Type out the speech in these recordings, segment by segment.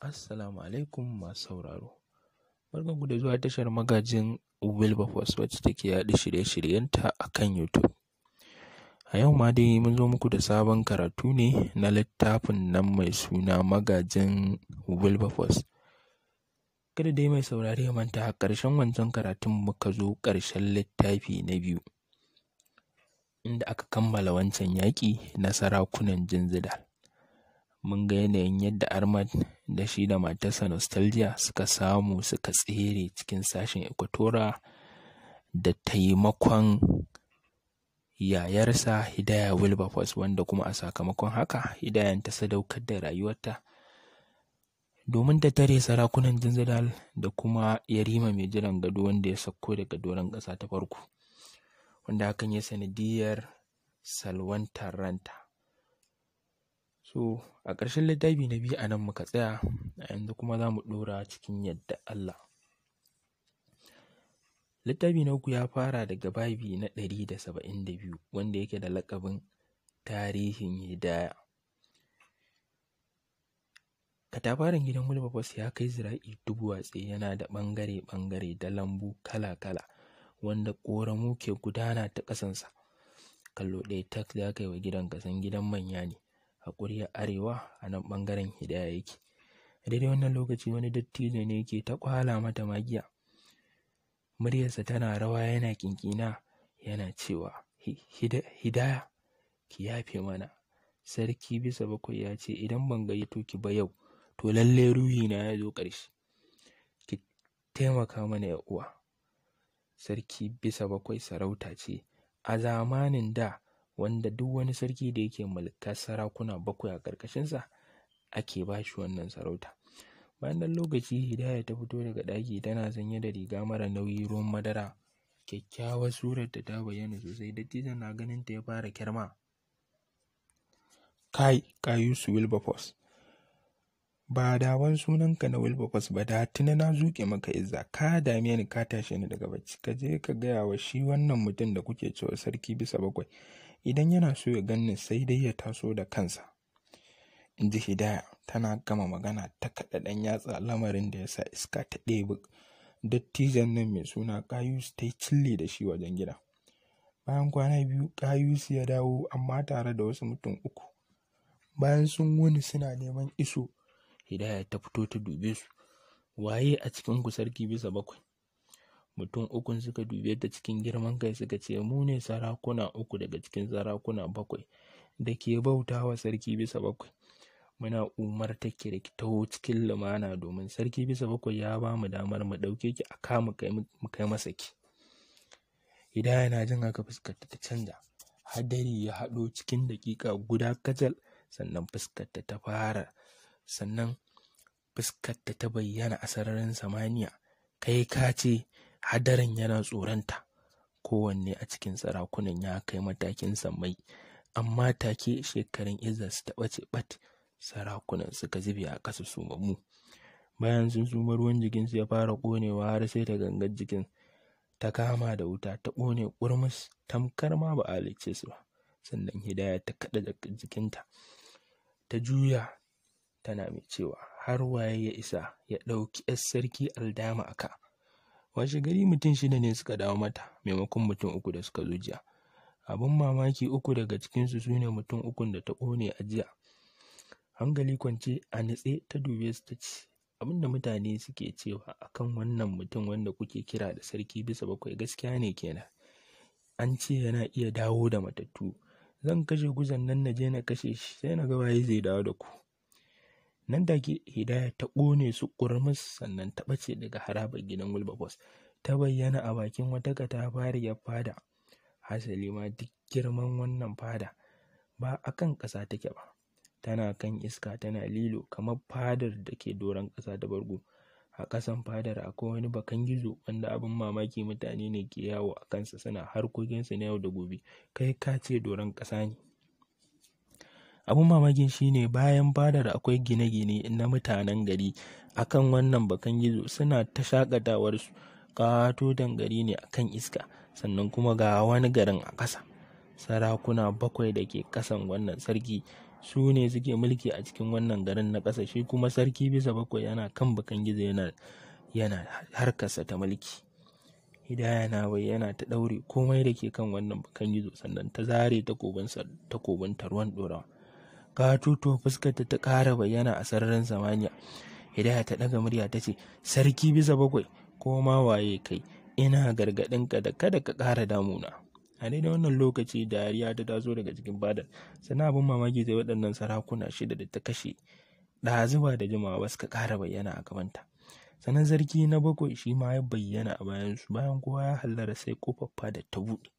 Assalamu alaikum masu sauraro. ku da zuwa tashar magajin Wilberforce wacce take yaɗa shirye-shiryenta a kan YouTube. A yau ma dai mun zo muku da sabon karatu ne na littafin nan mai suna magajin Wilberforce. Kada dai mai saurari ya manta a ƙarshen wancan karatun muka zo ƙarshen littafi na biyu, inda aka kammala wancan yaƙi na sarakunan Jinzidal. mun ga yanayin yadda armad da shi da matarsa Nostalgia suka samu suka tsere cikin sashen Equatora da taimakon yayarsa Hidaya Wilberforce wanda kuma a sakamakon haka Hidayan ta sadaukar da rayuwarta domin ta tare sarakunan jinzidal da kuma Yarima mai jiran gado wanda ya sauko daga doron ƙasa ta farko wanda hakan ya sanadiyar salwantar ranta So a ƙarshen littafi na biyu a nan muka tsaya, a yanzu kuma za mu ɗora cikin yadda Allah. Littafi na uku ya fara daga babi na ɗari da saba'in da biyu wanda yake da laƙabin tarihin hidaya. Katafaren gidan Wilberforce ya kai zira'i dubu watsi yana da ɓangare-ɓangare da lambu kala-kala wanda ƙoramu ke gudana ta ƙasansa. Kallo ɗaya tak ya kai wa gidan kasan gidan manya ne. haƙuri arewa a nan ɓangaren hidaya yake a daidai wannan lokaci wani dattijo ne yake ta kwala mata magiya muryarsa tana rawa yana ƙinƙina yana cewa hidaya ki yafe mana sarki bisa bakwai ya ce idan ban gayyato ki ba yau to lallai ruhi na ya zo ƙarshe ki taimaka mana ya uwa sarki bisa bakwai sarauta ce a zamanin da wanda duk wani sarki da yake mulkar sarakuna bakwai a ƙarƙashinsa ake ba shi wannan sarauta bayan ɗan lokaci hidaya ta fito daga ɗaki tana sanye da riga mara nauyi ruwan madara kyakkyawar surarta ta bayyana sosai da dattijon na ganin ta ya fara kyarma kai kayus wilberforce ba dawan sunanka na wilberforce ba da tuna na zuke maka izza ka dame ni ka tashe ni daga bacci ka je ka gaya wa shi wannan mutum da kuke cewa sarki bisa bakwai Idan yana so ya ganni sai dai ya taso da kansa. In ji Hidaya tana gama magana ta kaɗa ɗan yatsa lamarin da ya sa iska ta ɗebi dattijan nan mai suna Kayus ta yi cille da shi wajen gida. Bayan kwana biyu Kayus ya dawo amma tare da wasu mutum uku. Bayan sun wuni suna neman iso Hidaya ta fito ta dube su. Waye a cikin ku sarki bisa bakwai? mutum uku suka dube ta cikin girman kai suka ce mu ne sarakuna uku daga cikin sarakuna bakwai da ke bauta wa sarki bisa bakwai muna umartar ki cikin lumana domin sarki bisa bakwai ya ba mu damar mu ɗauke ki a ka mu kai masa ki idan yana jin haka fuskarta ta canja hadari ya haɗo cikin daƙiƙa guda kajal sannan fuskarta ta fara sannan fuskarta ta bayyana a sararin samaniya kai ka ce hadarin yana tsoronta kowanne a cikin sarakunan ya kai matakin sammai amma take shekarun iza su taɓa ce ɓat sarakunan suka zube a ƙasa su mamu bayan sun suma ruwan jikinsu ya fara ƙonewa har sai ta gangar jikin ta kama da wuta ta ƙone ƙurmus tamkar ma ba a su ba sannan hidaya ta kaɗa jikinta ta juya tana mai cewa har waye ya isa ya ɗauki 'yar sarki aldama ka. washe gari mutum shida ne suka dawo mata maimakon mutum uku da suka zo jiya abin mamaki uku daga cikinsu su ne mutum ukun da ta ƙone a jiya hankali kwance a natse ta dube su ta ce abin mutane suke cewa akan wannan mutum wanda kuke kira da sarki bisa bakwai gaskiya ne kenan an ce yana iya dawo da matattu zan kashe guzan nan na je na kashe shi sai na ga waye zai dawo da ku nan da ke hidaya ta ƙone su ƙurmus sannan ta ɓace daga harabar gidan wilberforce ta bayyana a bakin wata katafariyar fada hasali ma duk girman wannan fada ba a kan ƙasa take ba tana kan iska tana lilo kamar fadar da ke doron ƙasa da bargo a ƙasan fadar akwai wani bakan gizo wanda abin mamaki mutane ne ke yawo a kansa suna harkokinsu na yau da gobe kai ka ce doron ƙasa ne abun mamakin shine bayan fadar akwai gine-gine na mutanen gari akan wannan bakan gizo suna ta shakatawar su katotan gari ne akan iska sannan kuma ga wani garin a ƙasa sarakuna bakwai da ke ƙasan wannan sarki su ne suke mulki a cikin wannan garin na ƙasa shi kuma sarki bisa bakwai yana kan bakan gizo yana harkarsa ta mulki hidaya na bai yana ta ɗaure komai da ke kan wannan bakan gizo sannan ta zare takobin ruwan ɗorawa katoto fuskarta ta ƙara bayyana a sararin samaniya hidaya ta ɗaga murya ta ce sarki bisa bakwai ko ma waye kai ina gargaɗinka da kada ka ƙara damuna a daidai wannan lokaci dariya ta taso daga cikin badar sana abin mamaki sai waɗannan sarakuna shida da ta kashe ɗazuba da jimawa suka ƙara bayyana a gabanta sannan sarki na bakwai shi ma ya bayyana a bayansu bayan kowa ya hallara sai kofar da ta buɗe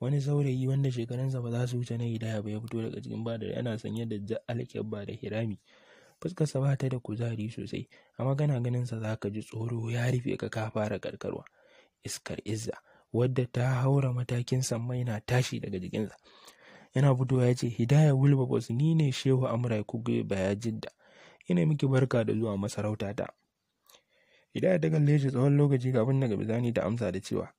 wani saurayi wanda shekarunsa ba za su wuce na hidaya ba ya fito daga cikin badar yana sanye da ja alkyabba da hirami fuskarsa ba ta da kuzari sosai amma ganin ganinsa za ka ji tsoro ya rufe ka ka fara karkarwa iskar izza wadda ta haura matakin samma na tashi daga jikinsa yana fitowa ya ce hidaya wulba wilberforce ni ne shehu amra ba baya jidda ina miki barka da zuwa masarautata hidaya ta kalle shi tsawon lokaci kafin daga bizani ta amsa da cewa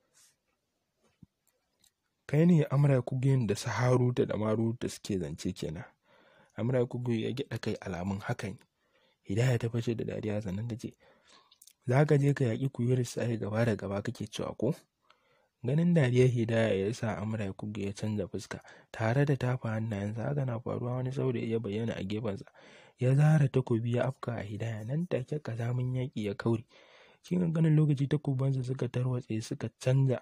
kai ne amra kugin da saharu da damaru da suke zance kenan amra kugu ya gyaɗa kai alamun hakan hidaya ta fashe da dariya sannan da ce za ka je ka yaƙi kuyar sai gaba da gaba kake cewa ko ganin dariyar hidaya ya sa amra kugu ya canza fuska tare da tafa hannayensa haka na faruwa wani saurayi ya bayyana a gefensa ya zara takobi ya afka a hidaya nan take kazamin yaƙi ya kauri cikin ganin lokaci takobansa suka tarwatse suka canza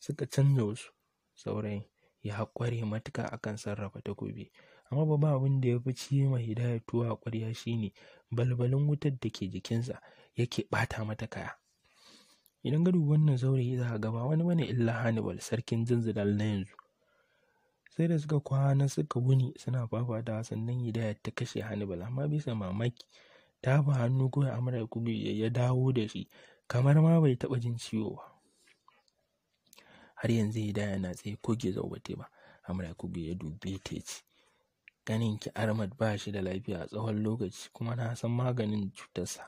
suka canza wasu saurayin ya ƙware matuƙa akan sarrafa takobi amma babban abin da ya fi ci ma Hidaya tuwo a ƙwarya shine balbalin wutar da ke jikinsa yake ɓata mata kaya idan gado wannan saurayi za a gaba wani bane illa Hannibal sarkin Zanzibar na yanzu sai da suka kwana suka wuni suna fafatawa sannan Hidaya ta kashe Hannibal amma bisa mamaki ta hannu kawai Amurka ya dawo da shi kamar ma bai taɓa jin ciwo ba har yanzu ya daya na tsaye ko ke ba ta ba amra yakubu ya dube ta ce ganin ki armad ba shi da lafiya a tsawon lokaci kuma na san maganin cutarsa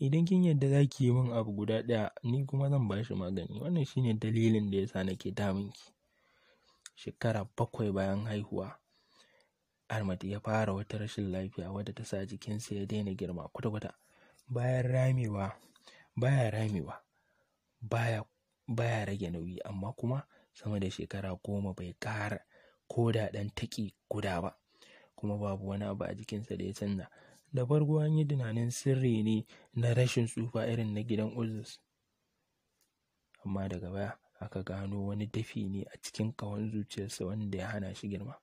idan kin yadda za ki yi min abu guda ɗaya ni kuma zan ba shi magani wannan shine dalilin da yasa nake damun ki shekara bakwai bayan haihuwa armad ya fara wata rashin lafiya wadda ta sa jikinsa ya daina girma kwata-kwata bayan ramewa baya ramewa baya baya rage nauyi amma kuma sama da shekara goma bai ƙara ko da ɗan taƙi guda ba kuma babu wani abu a jikinsa da ya canza da farko an yi tunanin sirri ne na rashin tsufa irin na gidan uzus amma daga baya aka gano wani dafi ne a cikin ƙahon zuciyarsa wanda ya hana shi girma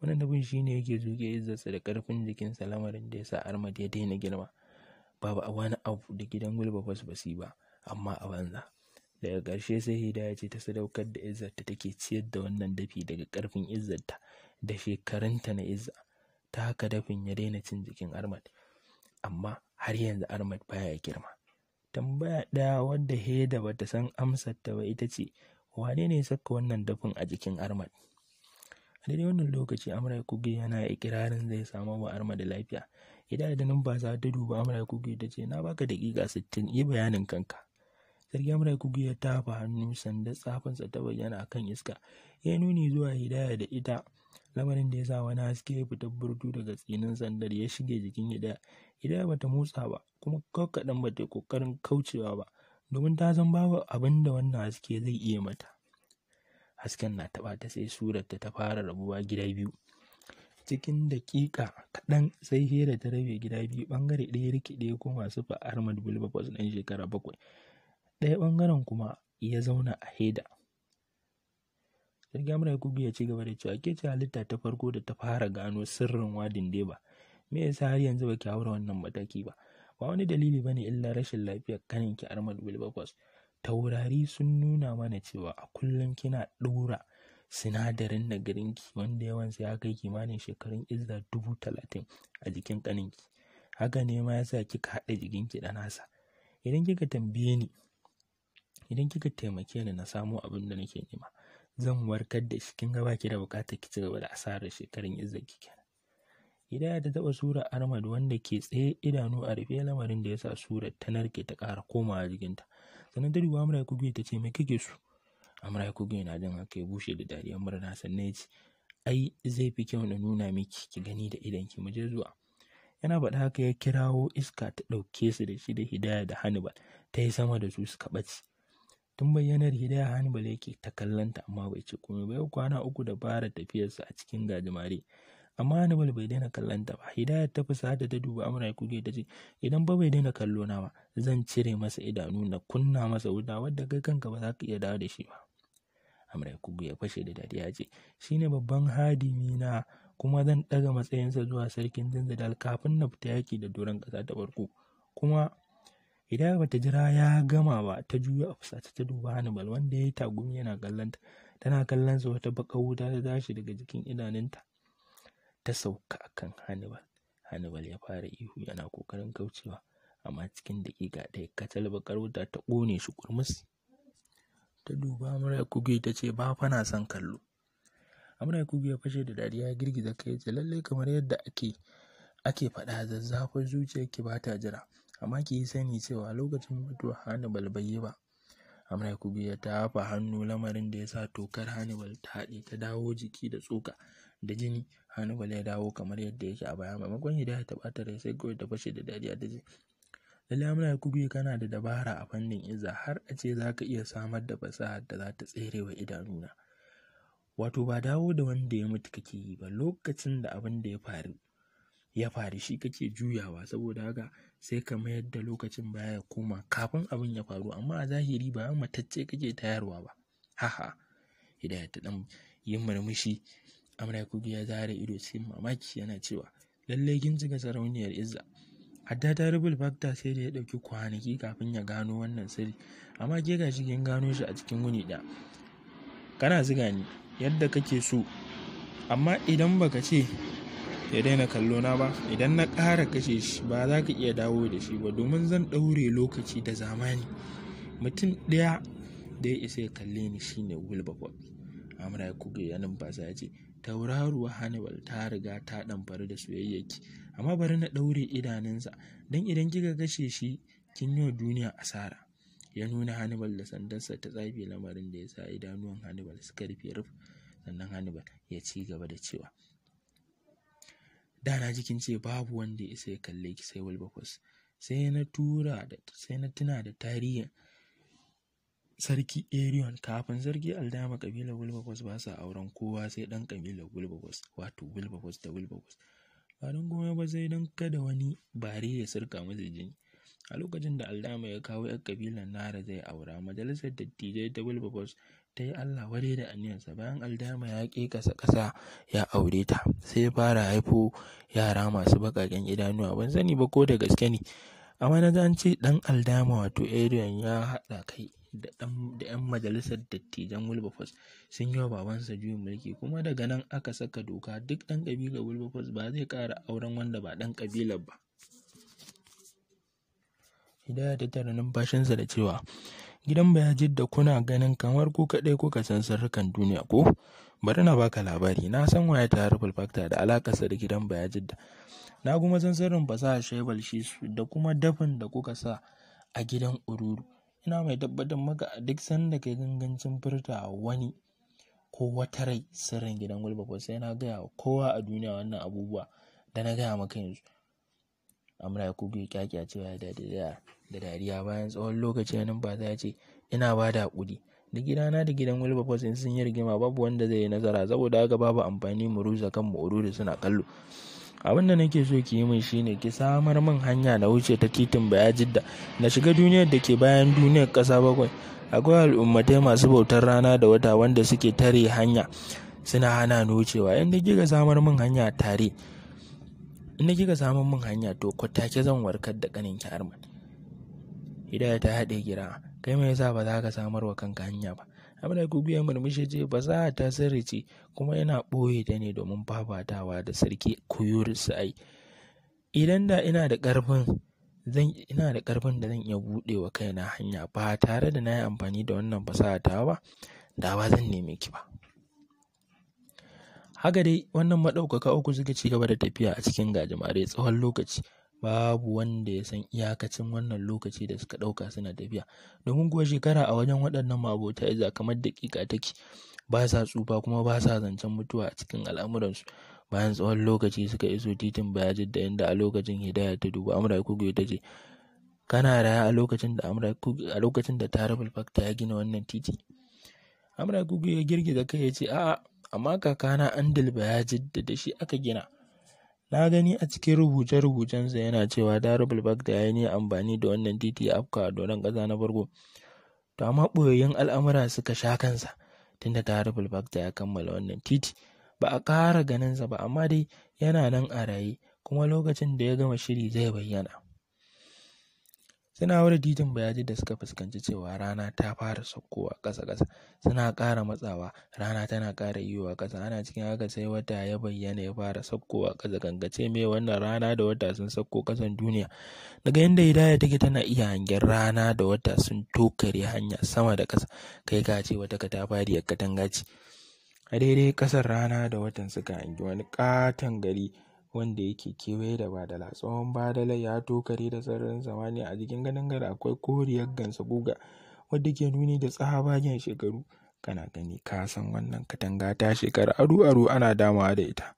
wannan dafin shi ne yake zuge izzarsa da karfin jikinsa lamarin da ya sa armad ya daina girma babu wani abu da gidan gulba basu basi ba amma a banza daga ƙarshe sai hidaya ce ta sadaukar da ta take ciyar da wannan dafi daga ƙarfin izzarta da shekarunta na izza ta haka dafin ya daina cin jikin armad amma har yanzu armad baya girma tambaya ɗaya wadda heda bata san amsar ta ba ita ce wane ne saka wannan dafin a jikin armad a daidai wannan lokaci amurka kuge yana ikirarin zai samu wa armad lafiya idan da nan ba za ta duba amurka kuge ta ce na baka daƙiƙa sittin yi bayanin kanka Sarki Amra Kugu ya tafa hannu sanda tsafinsa ta bayyana a kan iska, ya nuni zuwa hidaya da ita, lamarin da ya sa wani haske ya fita burtu daga tsinin sandar ya shige jikin hidaya. Hidaya bata motsa ba, kuma ba bata kokarin kaucewa ba, domin ta san babu abin da wannan haske zai iya mata. Hasken na taɓa ta sai surata ta fara rabuwa gida biyu. cikin daƙiƙa kaɗan sai hira ta rabe gida biyu ɓangare ɗaya rikide ko masu fa'ar madbul bakwas ɗan shekara bakwai ɗaya ɓangaren kuma ya zauna a heda Sarki Amurka Kubi ya ci gaba da cewa ke ce halitta ta farko da ta fara gano sirrin wadin Deba. Me yasa har yanzu baki haura wannan mataki ba? Ba wani dalili ba ne illa rashin lafiyar ki armad Wilberforce. Taurari sun nuna mana cewa a kullum kina ɗora sinadarin na garinki wanda yawansa ya kai kimanin shekarun izza dubu talatin a jikin kaninki. Haka ne ma yasa kika haɗa jikin ki da nasa. Idan kika tambaye ni Idan kika taimake ni na samo abin da nake nema, zan warkar da shi. Kin ga baki da bukatar ki cigaba da asarar shekarun izzar ki kenan. Hidaya ta taba sura armad wanda ke tsaye idanu a rufe lamarin da yasa sura ta narke ta kara komawa jikinta. Sannan ta ruwa Amra ku ta ce me kike so? Amra Kuge na jin haka ya bushe da dariyar murna sannan ya ce ai zai fi kyau na nuna miki ki gani da idan ki muje zuwa. Yana faɗa haka ya kirawo iska ta ɗauke su da shi da Hidaya da Hannibal ta yi sama da su suka ɓace. Tun bayyanar Hidaya Hannibal yake ta kallanta amma bai ce komai ba yau kwana uku da fara tafiyarsa a cikin gajimare. Amma Hannibal bai daina kallanta ba. Hidaya ta fi fusata ta duba Amra Kuge ta ce idan ba bai daina kallo na ba zan cire masa idanu na kunna masa wuta wadda kai kanka ba za ka iya dawo da shi ba. Amra Kuge ya fashe da dadi ya ce shine babban hadimi na kuma zan ɗaga matsayinsa zuwa sarkin Zanzadal kafin na fita yaki da doron kasa ta farko. Kuma idan bata jira ya gama ba ta juya a fusata ta duba Hannibal wanda ya yi tagumi yana kallonta tana kallon sa wata baka wuta ta tashi daga jikin idanunta ta sauka kan Hannibal Hannibal ya fara ihu yana kokarin kaucewa amma cikin daƙiƙa ɗaya kacal bakar wuta ta ƙone shi kurmus ta duba Amurka Kuge ta ce ba fa na son kallo Amurka Kuge ya fashe da dariya ya girgiza kai ce lallai kamar yadda ake ake faɗa zazzafar zuciyarki ba ta jira amma ki yi sani cewa lokacin mutuwar Hannibal bai yi ba. ya Kubiya ta hafa hannu lamarin da ya sa tokar Hannibal ta haɗe ta dawo jiki da tsoka da jini Hannibal ya dawo kamar yadda yake a baya maimakon ya ta ɓata rai sai kawai ta fashe da dariya ta jini. Lalle ya Kubiya kana da dabara a fannin iza har a ce za ka iya samar da fasaha da za ta tsere wa idanuna. Wato ba dawo da wanda ya mutu kake yi ba lokacin da abin da ya faru ya faru shi kake juyawa saboda haka sai ka mayar da lokacin baya ya koma kafin abin ya faru amma a zahiri ba matacce kake tayarwa ba haha hidaya ta dan yi murmushi amra kudu ya zare ido sai mamaki yana cewa lallai kin jiga sarauniyar izza hadda ta rubul fakta sai da ya ɗauki kwanaki kafin ya gano wannan sirri amma ke ga shi gano shi a cikin wuni ɗaya kana ziga ni yadda kake so amma idan baka ce ya daina kallo na ba idan na ƙara kashe shi ba za ka iya dawo da shi ba domin zan ɗaure lokaci da zamani mutum ɗaya da ya isa ya kalle ni shine wilberforce amra ya kuge ya numfasa ya ce tauraruwa hannibal ta riga ta ɗamfari da soyayyaki amma bari na ɗaure idanunsa don idan kika kashe shi kin yi wa duniya asara ya nuna hannibal da sandarsa ta tsafe lamarin da ya sa idanuwan hannibal suka rufe rufe sannan hannibal ya ci gaba da cewa da na ji kin ce babu wanda ya sai kalle ki sai bakwas sai na tura da sai na tuna da tarihin sarki Arion kafin sarki Aldama kabilar Wilberforce ba sa auren kowa sai dan kabilar Wilberforce wato Wilberforce da Wilberforce ba don goma ba sai dan kada wani bare ya sirka masa jini a lokacin da Aldama ya kawo 'yan kabilar Nara zai aura majalisar dattijai ta Wilberforce ta yi Allah ware da aniyarsa bayan Aldama ya ƙi ƙasa ƙasa ya aure ta sai fara haifo yara masu baƙaƙen idanuwa ban sani ba ko da gaske ne a na an ce ɗan Aldama wato Adrian ya haɗa kai da ‘yan majalisar dattijan Wilberforce sun yi wa babansa juyin mulki kuma daga nan aka saka doka duk ɗan ƙabilar Wilberforce ba zai ƙara auren wanda ba ɗan ƙabilar ba. Hidaya ta tara numfashinsa da cewa gidan bayajidda kuna ganin kamar ku kaɗai kuka san sarrukan duniya ko bari na baka labari na san waye ta harfal fakta da alakarsa da gidan bayajidda na kuma san sirrin fasaha shaibal shi da kuma dafin da kuka sa a gidan ururu ina mai tabbatar maka a duk sanda kai gangancin furta wani ko wata rai sirrin gidan gulba sai na gaya kowa a duniya wannan abubuwa da na gaya maka yanzu amma ya ya kyakkyacewa da da da dariya bayan tsawon lokaci ya numfasa ya ce ina ba da haƙuri da gidana da gidan wilberforce in sun yi rigima babu wanda zai yi nazara saboda haka babu amfani mu rusa kan mu ururi suna kallo abin da nake so ki yi min shine ki samar min hanya na wuce ta titin bayajidda na shiga duniyar da ke bayan duniyar ƙasa bakwai akwai al'ummatai masu bautar rana da wata wanda suke tare hanya suna hana ni wucewa inda kika samar min hanya tare inda kika samar min hanya to kwatake zan warkar da kanin ki arman Hidaya ta haɗe gira, kai mai yasa ba za ka samar wa kanka hanya ba? Amina ya murmushi ce ba za ta sirri ce kuma yana ɓoye ta ne domin fafatawa da sarki kuyur ai. Idan da ina da ƙarfin zan ina da ƙarfin da zan iya buɗe wa kaina hanya ba tare da na yi amfani da wannan fasaha ta ba da ba zan neme ki ba. Haka dai wannan maɗaukaka uku suka ci gaba da tafiya a cikin gajimare tsawon lokaci. babu wanda ya san iyakacin wannan lokaci da suka ɗauka suna tafiya domin kuwa shekara a wajen waɗannan mabota iza kamar daƙiƙa take ba sa tsufa kuma ba sa zancen mutuwa a cikin al'amuransu bayan tsawon lokaci suka iso titin da inda a lokacin hidaya ta dubu amurka kugu ta ce kana raya a lokacin da a lokacin da tarabul fakta ya gina wannan titi amurka kugu ya girgiza kai ya ce a'a amma kakana andil da da shi aka gina Na gani a cikin rubuce-rubucensa yana cewa Darul da ya yi amfani da wannan titi ya afka a doron ƙasa na farko. To amma ɓoyayyun al'amura suka sha kansa tunda Darul da ya kammala wannan titi. Ba a ƙara ganinsa ba amma dai yana nan a raye kuma lokacin da ya gama shiri zai bayyana. Suna haura titin Bayaje da suka fuskanci cewa rana ta fara saukowa ƙasa-ƙasa. Suna ƙara matsawa, rana tana ƙara yiwuwa ƙasa. Ana cikin haka sai wata ya bayyana ya fara saukowa ƙasa. Gangace mai wannan rana da wata sun sauko ƙasan duniya. Daga yadda Hidaya take tana iya hangen rana da wata sun tokare hanya sama da ƙasa. Kai ka ce wata ka ta katafariyar katanga ce. A daidai ƙasar rana da watan suka hangi wani ƙaton gari. wanda yake kewaye da badala. Tsawon badala ya tokare da sararin samaniya a jikin ganin katangar akwai koriyar guga wadda ke nuni da tsabagen shekaru. Kana gani ka san wannan katanga ta shekara aru aru ana damawa da ita.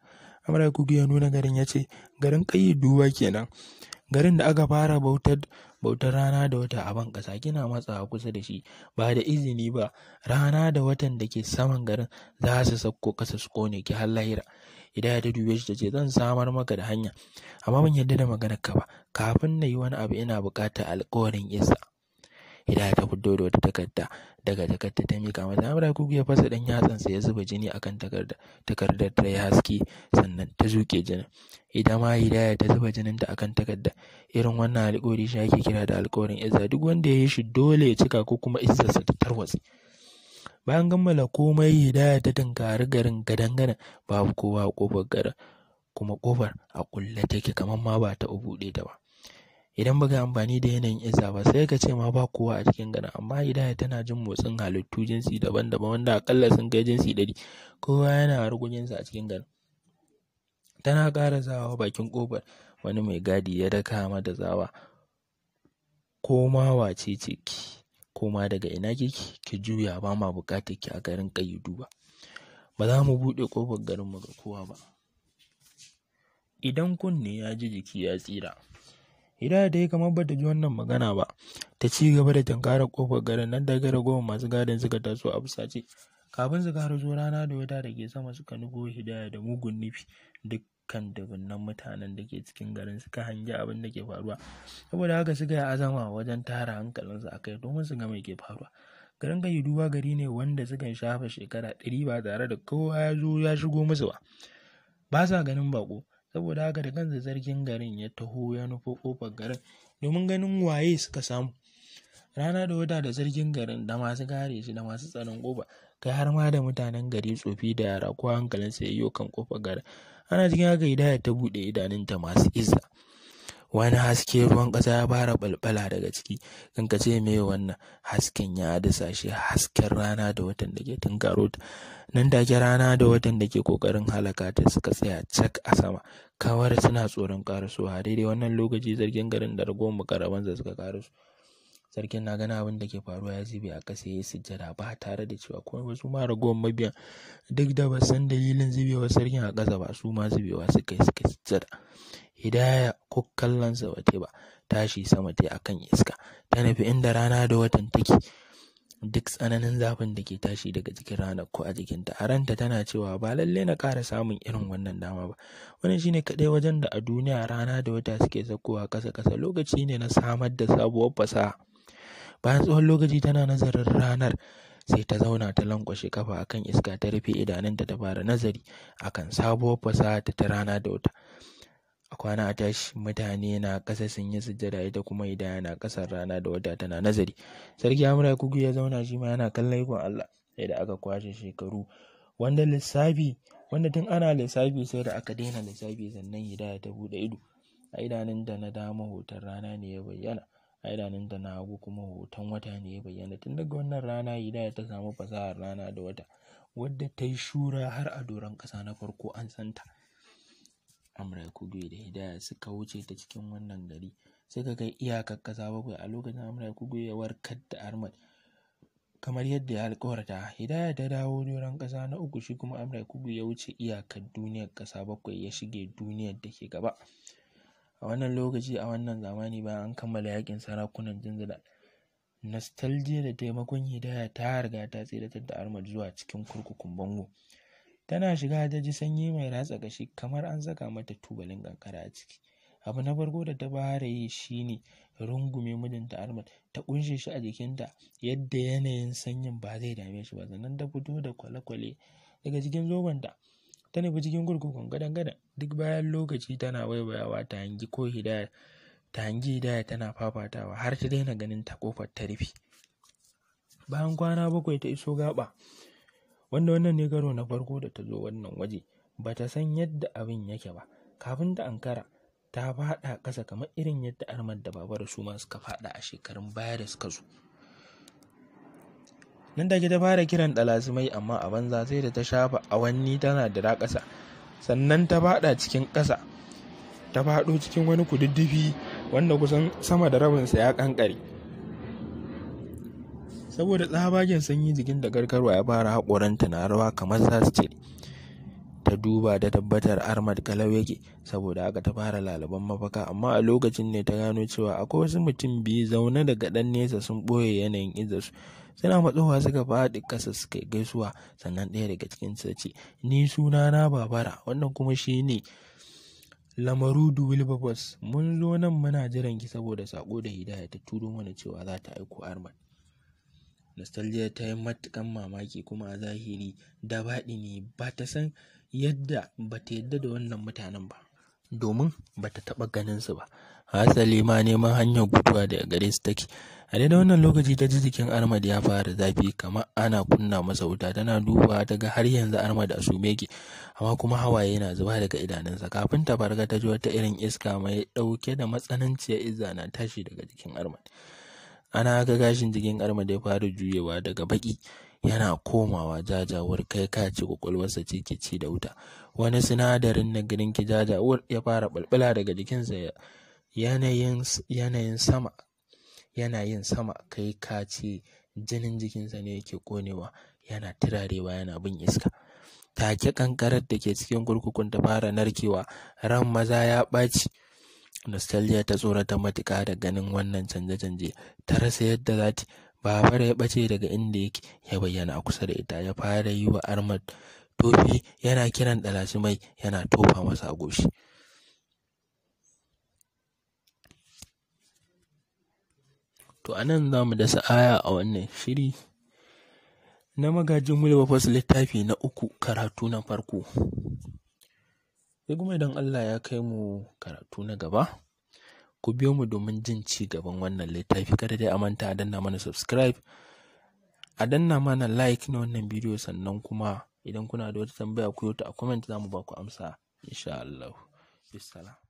amurai kugu ya nuna garin ya ce, Garin kayi duwa kenan. Garin da aka fara bautar bautar rana da wata a ban ƙasa kina matsawa kusa da shi ba da izini ba rana da watan da ke saman garin za su sauko ƙasa su kone ki har lahira. Hidaya ta dube shi ta ce zan samar maka da hanya amma ban yarda da maganar ka ba kafin na yi wani abu ina buƙatar alƙawarin isa. Hidaya ta fito da wata takarda daga takarda ta mika mata Amra Kugu ya fasa dan sa ya zuba jini akan takarda takardar ta yi haske sannan ta zuke jinin idan ma Hidaya ta zuba jinin ta akan takarda irin wannan alƙawari shi ake kira da alƙawarin izza duk wanda ya yi shi dole ya cika ko kuma sa ta tarwatse bayan kammala komai hidaya ta tunkari garin gadan babu kowa a kofar garin kuma kofar a kulle take kamar ma ba ta buɗe ta ba idan baka amfani da yanayin iza ba sai ka ce ma ba kowa a cikin garin amma hidaya tana jin motsin halittu jinsi daban-daban wanda akalla sun kai jinsi ɗari kowa yana harkokinsa a cikin garin tana ƙara zawa bakin ƙofar wani mai gadi ya daka mata zawa ko ma wace ce ki koma daga ina kike ki juya ba ma buƙatar ki a garin ƙayyadu ba ba za mu buɗe ƙofar garin mu ga kowa ba idan kunne ya ji jiki ya tsira Hidaya da ya kamar bata ji wannan magana ba, ta ci gaba da tunkarar ƙofar garin nan da gara goma masu gadin suka taso a fusace. Kafin su zo rana da wata da ke sama suka nufo Hidaya da mugun nufi duk kan dubunnan mutanen da ke cikin garin suka hangi abin da ke faruwa saboda haka suka yi azama wajen tara hankalinsu a kai domin su ga mai ke faruwa garin duba gari ne wanda suka shafa shekara ɗari ba tare da kowa ya zo ya shigo musu ba ba sa ganin baƙo saboda haka da kansa zargin garin ya taho ya nufo kofar garin domin ganin waye suka samu rana da wata da zargin garin da masu kare shi da masu tsaron kofa kai har ma da mutanen gari tsofi da yara ko sa ya kan kofar gara ana cikin haka hidaya ta buɗe ta masu izza wani haske ruwan ƙasa ya fara balbala daga ciki kan ka ce me wannan hasken ya dasa shi hasken rana da watan da ke tunkaro ta nan ke rana da watan da ke kokarin halaka ta suka tsaya cak a sama kawar suna tsoron karasowa daidai wannan lokaci zargin garin da ragowar za suka karasu sarkin na gani abin da ke faruwa ya zube a kasa ya yi sujjada ba tare da cewa kuma wasu ma ragowar mabiyan duk da ba san dalilin zubewar sarkin a kasa ba su ma zubewa suka yi suka sujjada hidaya ko kallon sa ba tashi sama ta kan iska ta nufi inda rana da watan take duk tsananin zafin da ke tashi daga jikin ranar ko a jikinta a ranta tana cewa ba lalle na kara samun irin wannan dama ba wani shine kaɗai wajen da a duniya rana da wata suke sakowa kasa-kasa lokaci ne na samar da sabuwar fasaha Bayan tsawon lokaci tana nazarin ranar sai ta zauna ta lankwashe kafa akan iska ta rufe idanunta ta fara nazari akan sabuwar fasaha ta rana da wata. A kwana a tashi mutane na ƙasa sun yi sujjada ita kuma idan yana ƙasar rana da wata tana nazari. Sarki Amura Kugu ya zauna shi ma yana kallon ikon Allah sai da aka kwashe shekaru wanda lissafi wanda tun ana lissafi sai da aka daina lissafi sannan hidaya ta buɗe ido a idanunta na dama hoton rana ne ya bayyana a idanunta na hagu kuma hoton wata ne ya bayyana tun daga wannan rana hidaya ta samu fasahar rana da wata wadda ta yi shura har a doron ƙasa na farko an santa amurai kudu da hidaya suka wuce ta cikin wannan gari suka kai iyakar ƙasa bakwai a lokacin amurai kudu ya warkar da armad kamar yadda ya alkawarta hidaya ta dawo doron ƙasa na uku shi kuma amurai kudu ya wuce iyakar duniyar ƙasa bakwai ya shige duniyar da ke gaba a wannan lokaci a wannan zamani bayan an kammala yakin sarakunan jinjina nostalgia da taimakon hidaya ta riga ta tseratar da armad zuwa cikin kurkukun bango tana shiga ta sanyi mai ratsa gashi kamar an saka mata tubalin kankara a ciki abu na farko da ta fara yi shine rungume mijinta armad ta kunshe shi a jikinta yadda yanayin sanyin ba zai dame shi ba sannan ta fito da kwale-kwale daga cikin zogonta. ta nufi cikin kurkukun gadan-gadan duk bayan lokaci tana waiwayawa ta hangi ko hidaya ta hangi hidaya tana fafatawa har ta daina ganin ta kofar ta rufe bayan kwana bakwai ta iso gaba wanda wannan ne garo na farko da ta zo wannan waje ba ta san yadda abin yake ba kafin ta ankara ta faɗa ƙasa kamar irin yadda armar da babar su ma suka faɗa a shekarun baya da suka zo nan take ta fara kiran dalazimai amma a banza sai da ta shafa awanni tana da ƙasa sannan ta faɗa cikin kasa ta fado cikin wani kududdufi wanda kusan sama da rabinsa ya kankare saboda tsabagen sanyi jikin da karkarwa ya fara haƙoranta na rawa kamar za su ce ta duba da tabbatar armad kalau yake saboda aka ta fara lalaban mafaka amma a lokacin ne ta gano cewa akwai wasu mutum biyu zaune daga ɗan nesa sun ɓoye yanayin izarsu suna matsowa suka faɗi kasa suka gaisuwa sannan ɗaya daga cikin su ni suna na babara wannan kuma shi ne lamarudu wilberforce mun zo nan muna jiran ki saboda sako da hidaya ta turo mana cewa za ta aiko arman nostalgia ta yi matukan mamaki kuma a zahiri da baɗi ne ba ta san yadda ba ta yadda da wannan mutanen ba domin ba ta taɓa ganin su ba hasali ma neman hanyar guduwa daga gare su take a daidai wannan lokaci ta ji jikin armad ya fara zafi kamar ana kunna masa wuta tana dubawa ta har yanzu armad a sume yake amma kuma hawaye yana zuba daga idanunsa kafin ta farga ta ji wata irin iska mai ɗauke da matsananciyar izza na tashi daga jikin armad ana haka gashin jikin armad ya fara juyewa daga baki yana komawa jajawar kai ka ci kwakwalwarsa cikici da wuta wani sinadarin na girin ki jajawar ya fara balbala daga jikinsa ya yanayin, yanayin sama yana sama kai ka ce jinin jikinsa ne yake konewa. yana turarewa yana bin iska take kankarar da ke cikin kurkukun ta fara narkewa ran maza ya ɓaci nostalgia ta tsorata matuka da ganin wannan canje-canje ta rasa yadda za ta babar ya ɓace daga inda yake ya bayyana a kusa da ita ya fara yi wa armad tofi yana kiran ɗalashi mai yana tofa masa a goshi To a nan za mu dasa aya a wannan shiri na magajin Wilberforce littafi na uku karatu na farko. Sai kuma idan Allah ya kai mu karatu na gaba, ku biyo mu domin jin ci gaban wannan littafi kada dai a manta a danna mana subscribe, a danna mana like na wannan bidiyo sannan kuma idan kuna da wata tambaya ku yi ta a comment za mu ba ku amsa insha Allah. Bisalam.